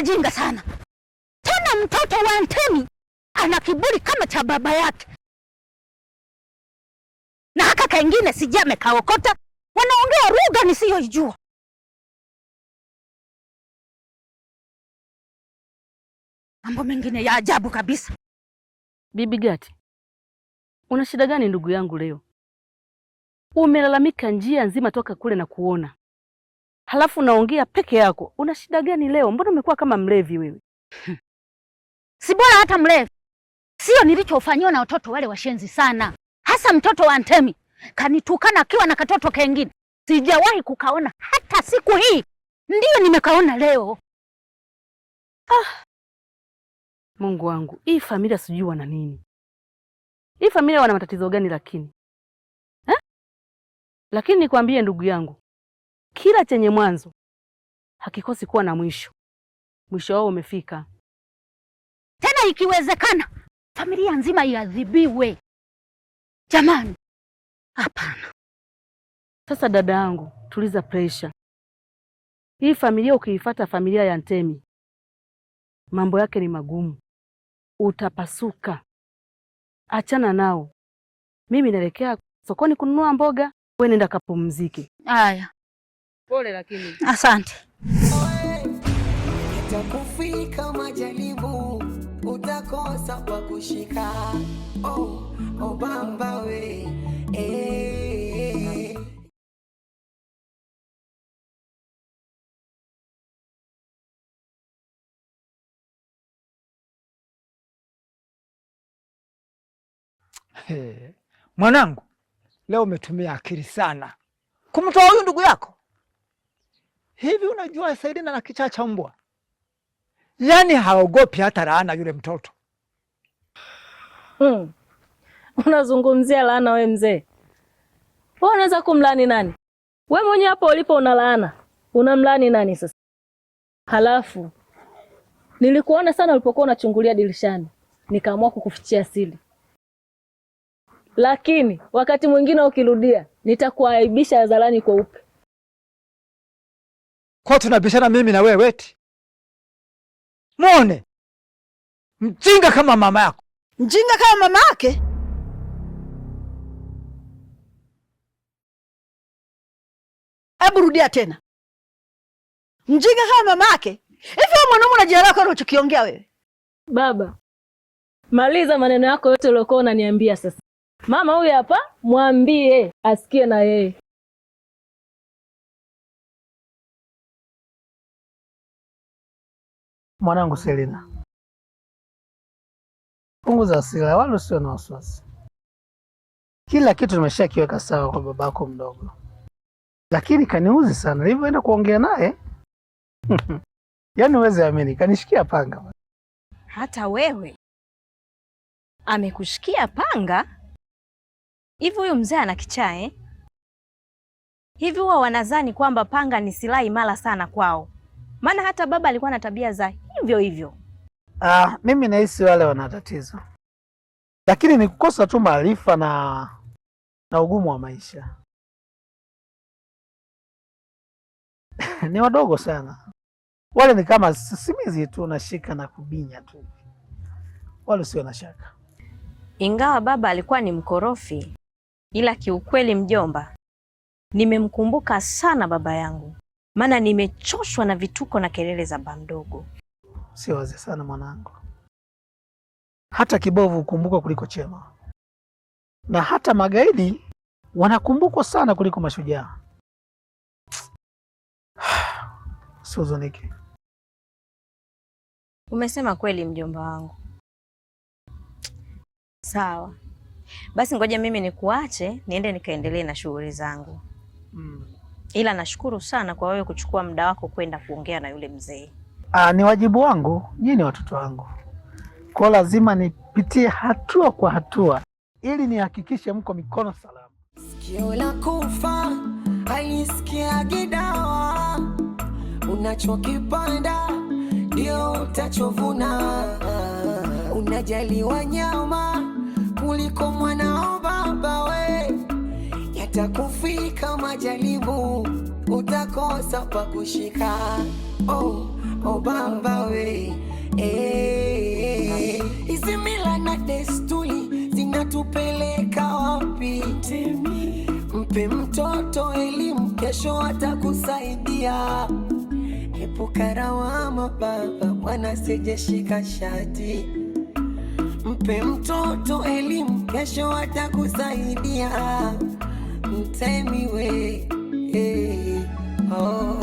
Mama jinga sana tena, mtoto wa Ntemi ana kiburi kama cha baba yake, na haka kaingine sijame kaokota, wanaongea lugha nisiyoijua. Mambo mengine ya ajabu kabisa. Bibi Gati, una shida gani ndugu yangu leo? Umelalamika njia nzima toka kule na kuona halafu unaongea peke yako. Una shida gani leo? Mbona umekuwa kama mlevi wewe? si bora hata mlevi. Sio nilichofanyiwa na watoto wale washenzi sana, hasa mtoto wa Antemi kanitukana akiwa na katoto kengine. Sijawahi kukaona hata siku hii, ndiyo nimekaona leo. Ah, Mungu wangu, hii familia sijui wana nini? Hii familia wana matatizo gani lakini eh? Lakini nikwambie ndugu yangu kila chenye mwanzo hakikosi kuwa na mwisho. Mwisho wao umefika. Tena ikiwezekana familia nzima iadhibiwe. Jamani, hapana. Sasa dada yangu, tuliza presha. Hii familia ukiifata familia ya Ntemi, mambo yake ni magumu, utapasuka. Achana nao. Mimi naelekea sokoni kununua mboga, we nenda kapumzike. Haya. Pole lakini asante. Itakufika majaribu, utakosa pa kushika. Oh, oh bamba we eh. eh. Hey, mwanangu leo umetumia akili sana kumtoa huyu ndugu yako Hivi unajua Selina na kichaa cha mbwa, yaani haogopi hata laana yule mtoto hmm. Unazungumzia laana we mzee, wewe unaweza kumlani nani? We mwenye hapo ulipo una laana, unamlani nani sasa? Halafu nilikuona sana ulipokuwa unachungulia dirishani, nikaamua kukufichia siri, lakini wakati mwingine ukirudia nitakuaibisha hadharani kweupe kwa tunabishana mimi na wewe eti? Muone mjinga kama mama yako, mjinga kama mama yake. Hebu rudia tena, mjinga kama mama yake. Hivi mwanaume unajia lako unachokiongea wewe? Baba, maliza maneno yako yote uliokuwa unaniambia sasa. Mama huyu hapa, mwambie asikie na yeye. Mwanangu Selina, punguza hasira, wala sio na wasiwasi. Kila kitu kiweka sawa kwa babako mdogo, lakini kaniuzi sana nilivyoenda kuongea naye yaani uweze amini, kanishikia panga. Hata wewe amekushikia panga? Hivi huyu mzee ana kichaa eh? Hivi huwa wanadhani kwamba panga ni silaha imara sana kwao maana hata baba alikuwa na tabia za hivyo hivyo. Ah, mimi nahisi wale wana tatizo, lakini ni kukosa tu maarifa na na ugumu wa maisha. ni wadogo sana wale, ni kama sisimizi tu, nashika na kubinya tu, wale usio na shaka. Ingawa baba alikuwa ni mkorofi, ila kiukweli, mjomba, nimemkumbuka sana baba yangu maana nimechoshwa na vituko na kelele za mdogo Sio waze sana mwanangu, hata kibovu hukumbukwa kuliko chema, na hata magaidi wanakumbukwa sana kuliko mashujaa. Sihuzuniki, Umesema kweli mjomba wangu. Sawa basi, ngoja mimi nikuache niende nikaendelee na shughuli zangu mm ila nashukuru sana kwa wewe kuchukua muda wako kwenda kuongea na yule mzee. Ah, ni wajibu wangu, nyinyi ni watoto wangu, kwa lazima nipitie hatua kwa hatua ili nihakikishe mko mikono salama. Sikio la kufa halisikiagi dawa, unachokipanda ndio utachovuna. Unajali wanyama kuliko mwanao baba wewe. Yatakufika majaribu, utakosa pa kushika. Oh, oh baba we, eh, hizi mila na desturi zinatupeleka wapi? Mpe mtoto elimu, kesho atakusaidia. Epuka lawama baba, mwana sijeshika shati. Mpe mtoto elimu, kesho atakusaidia. Tell me eh, oh,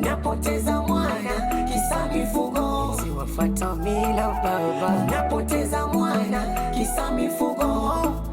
unapoteza mwana kisa mifugo, siwafata mila baba, unapoteza mwana kisa mifugo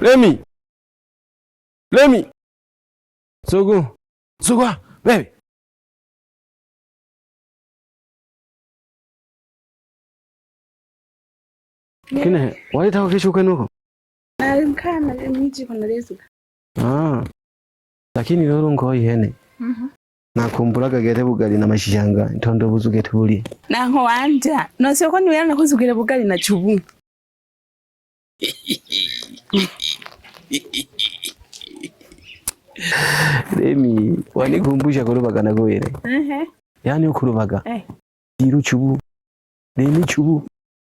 Remi. Remi. Sogo. Sogo. Baby. Kina wai ta kake shuka noko? Na kana da miji Ah. Lakini lolo nko yene. Mhm. nakumbulaga gete bugali na mashishanga ntondo buzuge tuli naho wanja noseko niwera nakozugire bugali na chubu Remi, wanikumbusha kurubagana kubera yaani ukurubaga eh. iru chubu remi chubu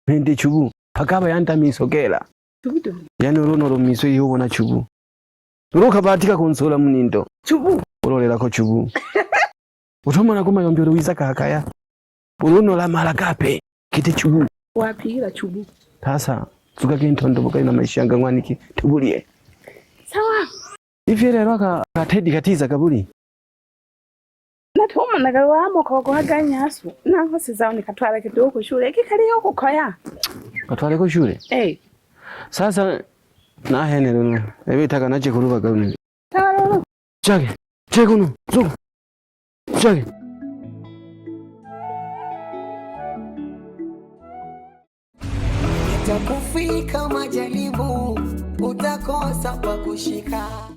Mende chubu pakaba yantamisogera yaani miso iyo yobona chubu urukabatika konsola munindo chubu urolerako chubu Utoma na kuma kumayombi uruwiza kakaya uruno la malakape. Kite chubu Wapi wapira chubu Tasa. Tuka kentondo kintondoboka ina maisha yanga ngwaniki tubulie sawa ivyerero akatedi katiza kabuli natumanaga wamuka waguhaganyasu nankose zawe nikatwara kidogo yoko kaya kukoya ku shule eh sasa na na hene taka naheneluna evitaka nache sawa kabuli chage chake chekuno zo chage itakufika majalibu utakosa pa kushika.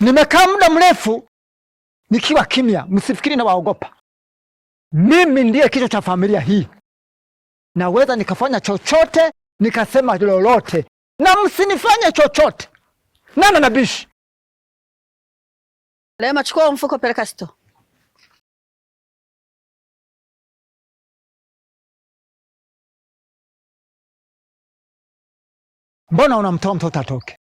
Nimekaa muda mrefu nikiwa kimya, msifikiri na waogopa. Mimi ndiye kichwa cha familia hii, naweza nikafanya chochote, nikasema lolote, na msinifanye chochote. Nana nabishi Lema, chukua mfuko peleka store. Mbona unamtoa mtoto atoke?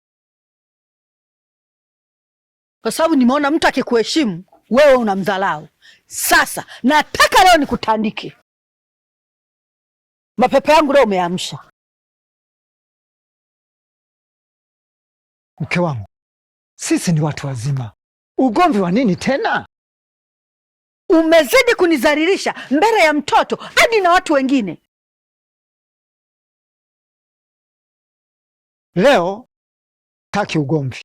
Kwa sababu nimeona mtu akikuheshimu wewe unamdhalau. Sasa nataka leo nikutandike mapepe yangu, leo umeamsha mke wangu. Sisi ni watu wazima, ugomvi wa nini tena? Umezidi kunizaririsha mbele ya mtoto hadi na watu wengine. Leo taki ugomvi.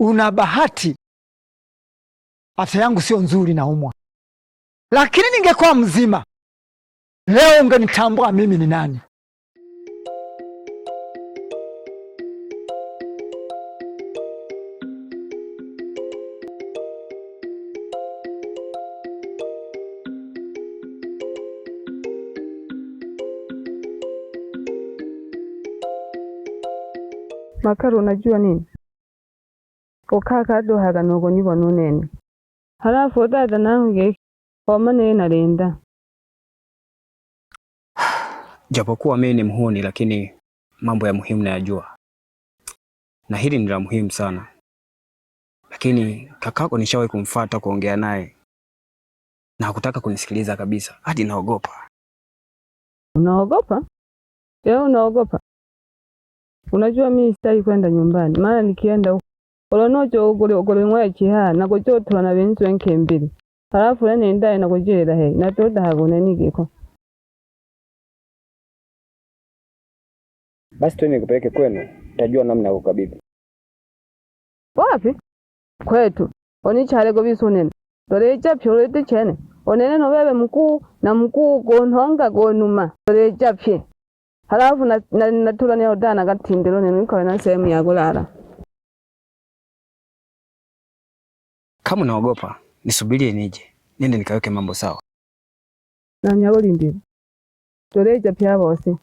Una bahati afya yangu sio nzuri, naumwa, lakini ningekuwa mzima leo ungenitambua mimi ni nani. Makaro unajua nini? Okaa kadohaga nogonyibwa nunene. Halafu dada nange omane nalinda. Japokuwa mimi ni mhuni lakini mambo ya muhimu nayajua. Na hili ni la muhimu sana. Lakini kakako nishawahi kumfuata kuongea naye na hakutaka kunisikiliza kabisa, hadi naogopa. Unaogopa? Wewe unaogopa? Unajua mimi sitaki kwenda nyumbani, maana nikienda huko olonojo ugule ugule mwechi na benzi wenke mbili halafu nene ndaye nagojela he natoda hagone basi tu nikupeleke kwenu, tajua namna ya kukabidhi. Wapi kwetu onichalego nene toleijapya ulete chene onene noveve mkuu na mkuu gonhonga gonuma toleijapye halafu natula ni odana katindilo nenu ikawe na sehemu ya kulala. Kama naogopa nisubirie nije niende nikaweke mambo sawa nanyagolindile toleija pya vose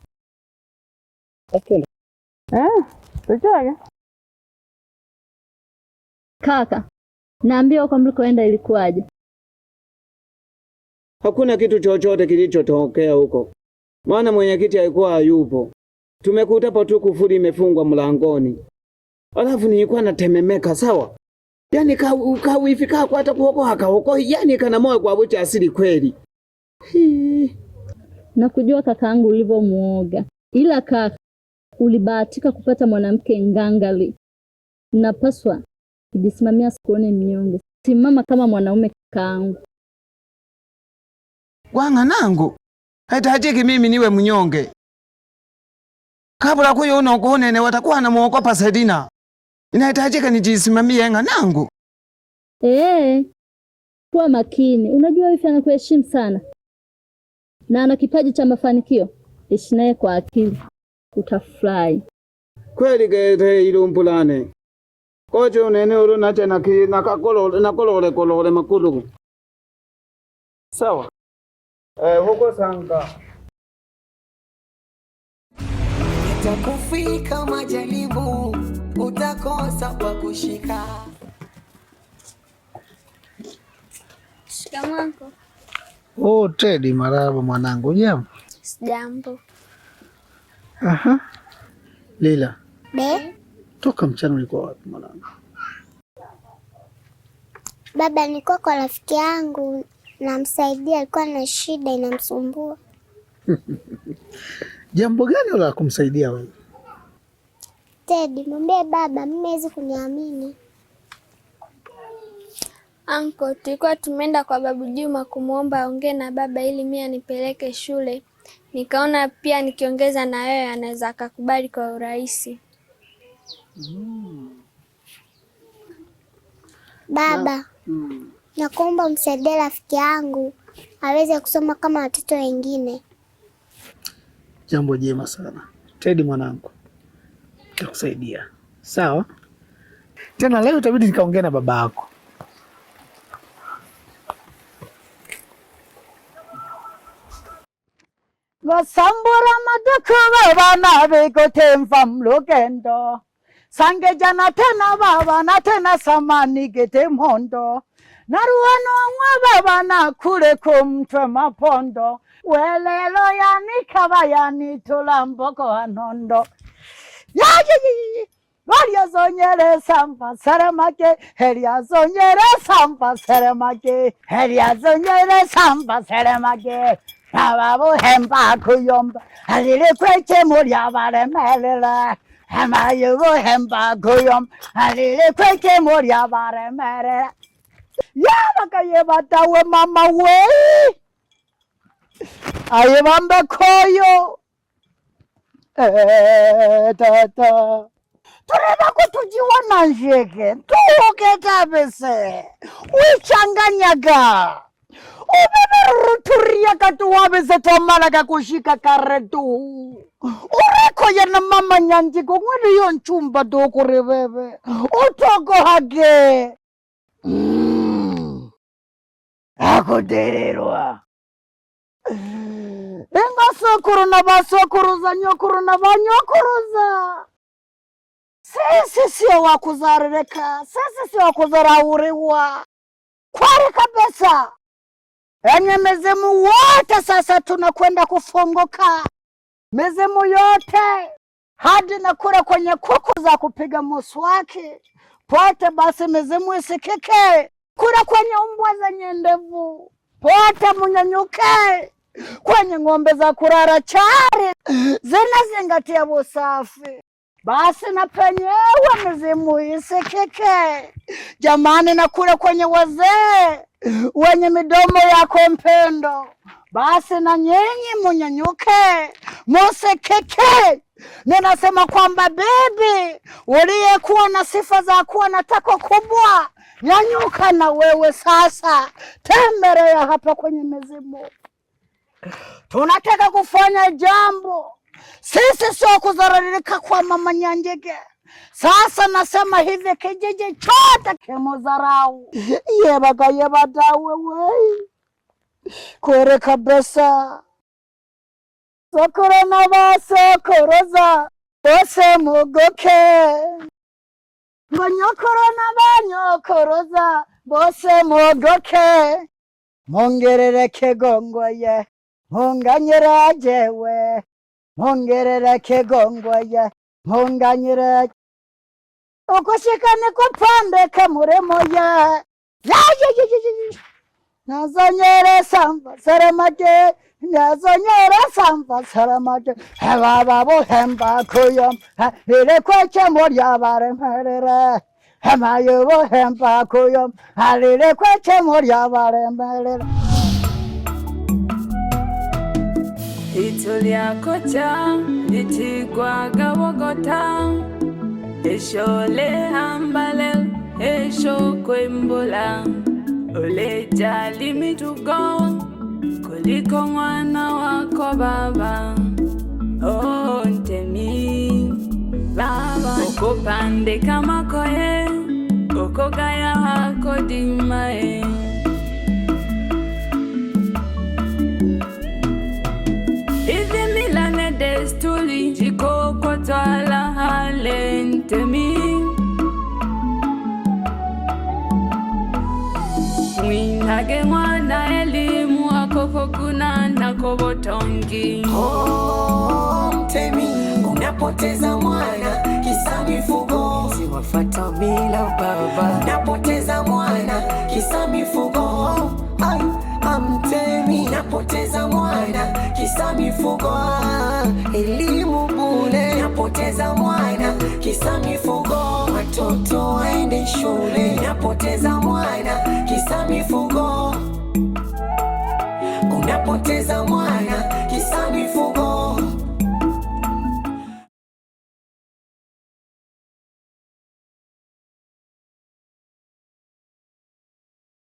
okay. Eh, tochage kaka, naambia huko mlikoenda ilikuwaje? Hakuna kitu chochote kilichotokea huko maana mwenyekiti alikuwa hayupo. Tumekutapo tu kufuli imefungwa mlangoni, alafu nilikuwa natememeka sawa, yani kawifikaa kwa hata kuoko hakaoko yani kana moyo kwa bucha asili kweli. Nakujua kakaangu muoga ila kaka, ulibahatika kupata mwanamke ngangali. Napaswa kujisimamia, sikuone mnyonge. Simama kama mwanaume kakaangu. Bwana nangu haitajiki mimi niwe mnyonge. Kabula kuyo uno kunene watakuwa na muogopa Selina, inahitajika nijisimamie ng'anangu. Eee, eh, kuwa makini. Unajua wifi anakuheshimu sana na ana kipaji cha mafanikio. Ishi naye kwa akili, utafurahi kweli. gete ilumbulane kocho unene ulo nache nakolole kolole makulu sawa Eh, huko Sanga. Utakufika majaribu, utakosa pa kushika. Shikamoo. Oh, Teddy, marahaba mwanangu, jambo. Sijambo. Aha. Lila. Be? Toka mchana ulikuwa wapi mwanangu? Baba, nilikuwa kwa rafiki yangu namsaidia, alikuwa na shida inamsumbua. Jambo gani la kumsaidia wewe? Teddy, mwambie baba, mimi hawezi kuniamini. Anko, tulikuwa tumeenda kwa babu Juma kumwomba aongee na baba ili mimi anipeleke shule. Nikaona pia nikiongeza na wewe anaweza akakubali kwa urahisi. Mm. Baba. Mm kuomba msaidie rafiki yangu aweze kusoma kama watoto wengine. Jambo jema sana Tedi mwanangu, nitakusaidia sawa. Tena leo itabidi nikaongea na baba yako. Vasambura matukuva vana vikotemva mlugendo sange jana tena vavana tena samani gete mondo na ruono bana kule kumtwe mapondo welelo yanikaba yanitula mboko anondo yajiyi valyazonyeresa mpaseremake helyazonyeresa mpaseremake helyazonyeresa mpaseremake navavuhemba kuyomba alilikwechemu lyavalemelele hemayivuhemba kuyomba alilikwechemu lyavalemelele yabakaye batawe mama we aye bamba koyo e, eh, tata tureba kutujiwana njege tuuketa bese wichanganyaga ubeberuturia katuwa bese twamalaka kushika karetu urekoye na mama nyanjiko ngweliyo nchumba tukuribebe utokohage mm akutererwa ingosokuru mm, na basokuruza nyokuru na banyokuruza sisi sio wakuzarereka sisi sio wakuzarauriwa kwari kabisa enye mizimu wote sasa tunakwenda kufunguka mizimu yote hadi na kura kwenye kuku za kupiga muswaki pote basi mizimu isikike kura kwenye mbwa zenye ndevu, pote munyanyuke kwenye ng'ombe za kurara chari zinazingatia usafi, basi na penyewe mizimu isikike. Jamani, na kura kwenye wazee wenye midomo yako mpendo basi na nyinyi munyanyuke musekeke. Ninasema kwamba bibi, uliyekuwa na sifa za kuwa na tako kubwa, nyanyuka na wewe sasa, tembelea hapa kwenye mizimu. Tunataka kufanya jambo sisi, sio kudhalilika kwa mama Nyanjige. Sasa nasema hivi, kijiji chote kimudharau Yebaga badawe kore kabisa bakora n'abasokoreza bose mugoke ngo nyokoro n'abanyokoroza bose mugoke mongerereke gongoye mpunganyira jewe mongerereke gongoye mpunganyira ukushika niko pande kamuremoye Nazan yere samba saramacı, Nazan yere samba saramacı. Hem babu hem bakuyum, hele koçam var yavarım herere. Hem ayıvo hem bakuyum, hele koçam var yavarım herere. Itulyakotya litigwagawogota eshole hambale eshokwembula Ole jali mitugo kuliko mwana wako baba. Oh, ntemi baba kokopande kamakoye kokogaya hako dimae yako botongi. Oh, mtemi unapoteza mwana kisa mifugo, siwafata bila baba, unapoteza mwana kisa mifugo. Ay, amtemi unapoteza mwana kisa mifugo, elimu bule, unapoteza mwana kisa mifugo, watoto waende shule, unapoteza mwana kisa mifugo unapoteza mwana